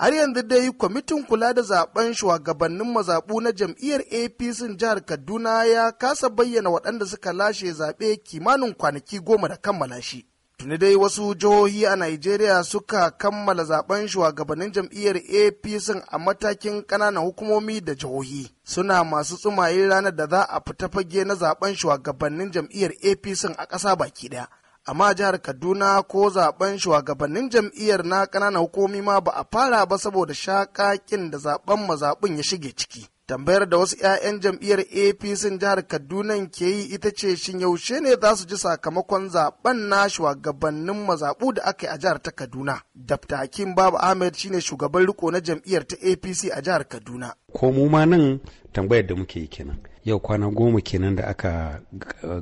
har yanzu dai kwamitin kula da zaben shugabannin mazaɓu na jam'iyyar apc jihar kaduna ya kasa bayyana waɗanda suka lashe zaɓe kimanin kwanaki goma da kammala shi tuni dai wasu jihohi a Najeriya suka kammala zaben shugabannin jam'iyyar APC a matakin ƙananan hukumomi da jihohi. Suna masu tsumaye ranar da za a fita fage na zaben shugabannin jam'iyyar APC a ƙasa baki ɗaya. amma jihar kaduna ko zaben shugabannin jam'iyyar na ƙananan hukumi ma ba a fara ba saboda shaƙaƙin da zaben mazaɓin ya shige ciki tambayar da wasu 'ya'yan jam'iyyar apc jihar kaduna ke yi ita ce shin yaushe ne za su ji sakamakon zaben na shugabannin mazaɓu da aka yi a jihar ta kaduna dafta hakim babu ahmed shine shugaban riko na jam'iyyar ta apc a jihar kaduna ko mu ma nan tambayar da muke yi kenan yau kwana goma kenan da aka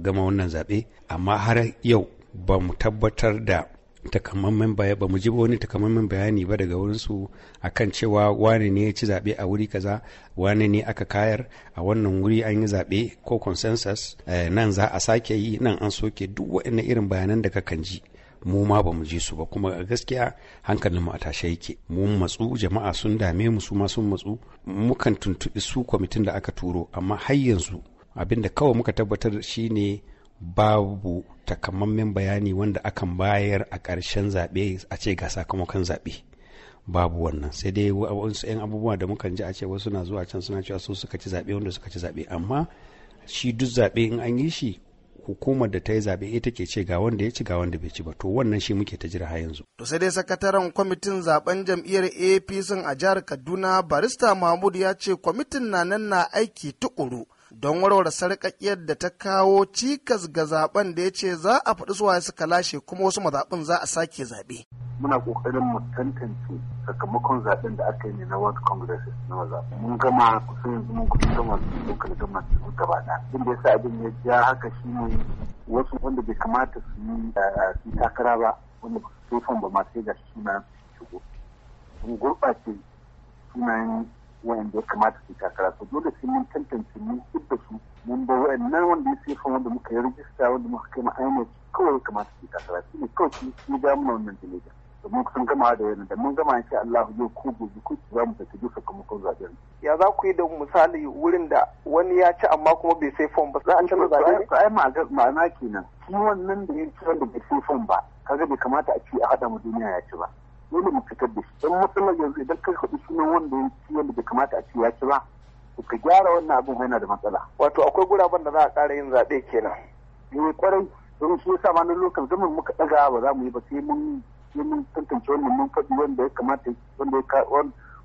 gama wannan zaɓe amma har yau ba mu tabbatar da takamaiman bayani ba mu ji wani takamaiman bayani ba daga wurinsu kan cewa wane ne ya ci zaɓe a wuri kaza wane ne aka kayar a wannan wuri an yi zaɓe ko consensus eh, nan za a sake yi nan an soke duk waɗannan irin bayanan da kakan ji mu ma ba mu ji su ba kuma gaskiya hankalin mu a tashe yake mun matsu jama'a sun dame mu su ma sun matsu mukan tuntuɓi su kwamitin da aka turo amma har yanzu abin da kawai muka tabbatar shine babu takamammen bayani wanda akan bayar a ƙarshen zaɓe a ce ga sakamakon zaɓe babu wannan sai dai wasu 'yan abubuwa da muka ji a ce wasu na zuwa can suna cewa su suka ci zaɓe wanda suka ci zaɓe amma shi duk zaɓe in an yi shi hukumar da ta yi zaɓe ita ke ce ga wanda ya ci ga wanda bai ci ba to wannan shi muke ta jira har yanzu. To sai dai sakataren kwamitin zaben jam'iyyar APC a jihar Kaduna barista Mahmud ya ce kwamitin na nan na aiki tukuru don warware sarƙaƙiyar da ta kawo cikas ga zaben da ya ce za a faɗi suwa suka lashe kuma wasu mazaɓin za a sake zaɓe. Muna ƙoƙarin mu tantance sakamakon zaɓen da aka yi ne na World Congress na mazaɓa. Mun gama kusan yanzu mun kusan gama local gama su gaba ɗaya. Abin da ya sa abin ya ja haka shi ne wasu wanda bai kamata su yi eh, takara ba wanda ba su ba ma sai ga suna shigo. Sun gurɓace sunayen wa'anda ya kamata su takara su dole sai mun tantance mun da su mun ba nan wanda ya sefa wanda muka yi rijista wanda muka kai ma'aina kawai ya kamata su takara su ne kawai su yi damuna wannan jami'a da mun sun gama da yana da mun gama ya ce Allah yau ko gobe ko za mu tafi duka kuma kun zaɓe ya za ku yi da misali wurin da wani ya ci amma kuma bai sai fom ba za a canza zaɓe ne ai ma'ana kenan shi wannan da ya ci wanda bai sai fom ba kaga bai kamata a ci a haɗa mu duniya ya ci ba dole mu fitar da shi don matsalar yanzu idan kai kuɗi sunan wanda ya ci wanda bai kamata a ce ya ci ba to ka gyara wannan abin yana da matsala. wato akwai guraben da za a ƙara yin zaɓe kenan. eh ƙwarai don shi yasa ma na lokal zaman muka ɗaga ba za mu yi ba sai mun sai mun tantance wannan mun faɗi wanda ya kamata wanda ya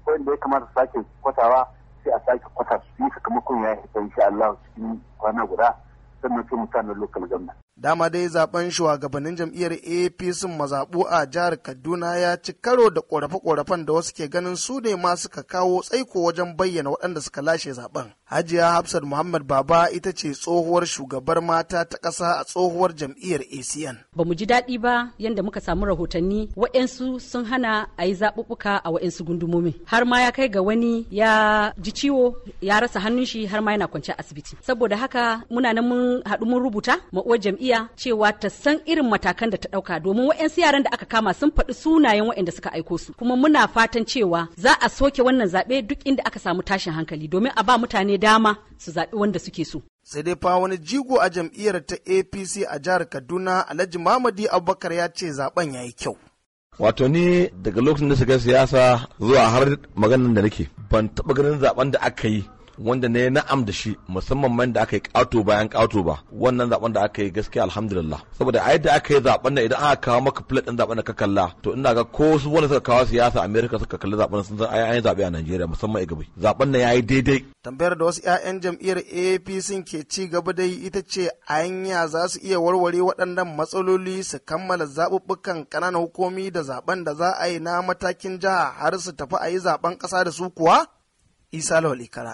wanda ya kamata sake kwatawa sai a sake kwata su yi sakamakon ya hita insha Allah cikin kwana guda sannan sai mu sa na lokal gwamnati. dama dai zaben shugabannin jam'iyyar apc mazaɓu a jihar kaduna ya ci karo da ƙorafe-ƙorafen da wasu ke ganin su ne ma suka kawo tsaiko wajen bayyana waɗanda suka lashe zaben hajiya hafsat muhammad baba ita ce tsohuwar shugabar mata ta ƙasa a tsohuwar jam'iyyar acn ba mu ji daɗi ba yadda muka samu rahotanni waɗansu sun hana a yi zaɓuɓɓuka a waɗansu gundumomi har ma ya kai ga wani ya ji ciwo ya rasa hannun shi har ma yana kwance asibiti saboda haka muna nan mun haɗu mun rubuta ma uwar jam'iyyar iya cewa ta san irin matakan da ta ɗauka domin wa'yansu yaran da aka kama sun faɗi sunayen waɗanda suka aiko su kuma muna fatan cewa za a soke wannan zaɓe duk inda aka samu tashin hankali domin a ba mutane dama su zaɓi wanda suke so. sai dai fa wani jigo a jam'iyyar ta apc a jihar kaduna alhaji mamadi abubakar ya ce zaben ya yi kyau wato ni daga lokacin da shiga siyasa zuwa har maganin da nake ban taɓa ganin zaben da aka yi wanda ne na'am da shi musamman man da aka yi ƙato bayan ƙato ba wannan zaben da aka yi gaskiya alhamdulillah saboda a yadda aka yi zaben da idan aka kawo maka plate din zaben da ka kalla to ina ga ko su wanda suka kawo siyasa America suka kalli zaben sun san ai zabe a Najeriya musamman a Gabi zaben nan yayi daidai tambayar da wasu ƴaƴan jam'iyyar APC ke ci gaba da ita ce anya za su iya warware waɗannan matsaloli su kammala zaɓuɓɓukan ƙananan hukumi da zaben da za a yi na matakin jiha har su tafi a yi zaben ƙasa da su kuwa Isa Lawal Ikara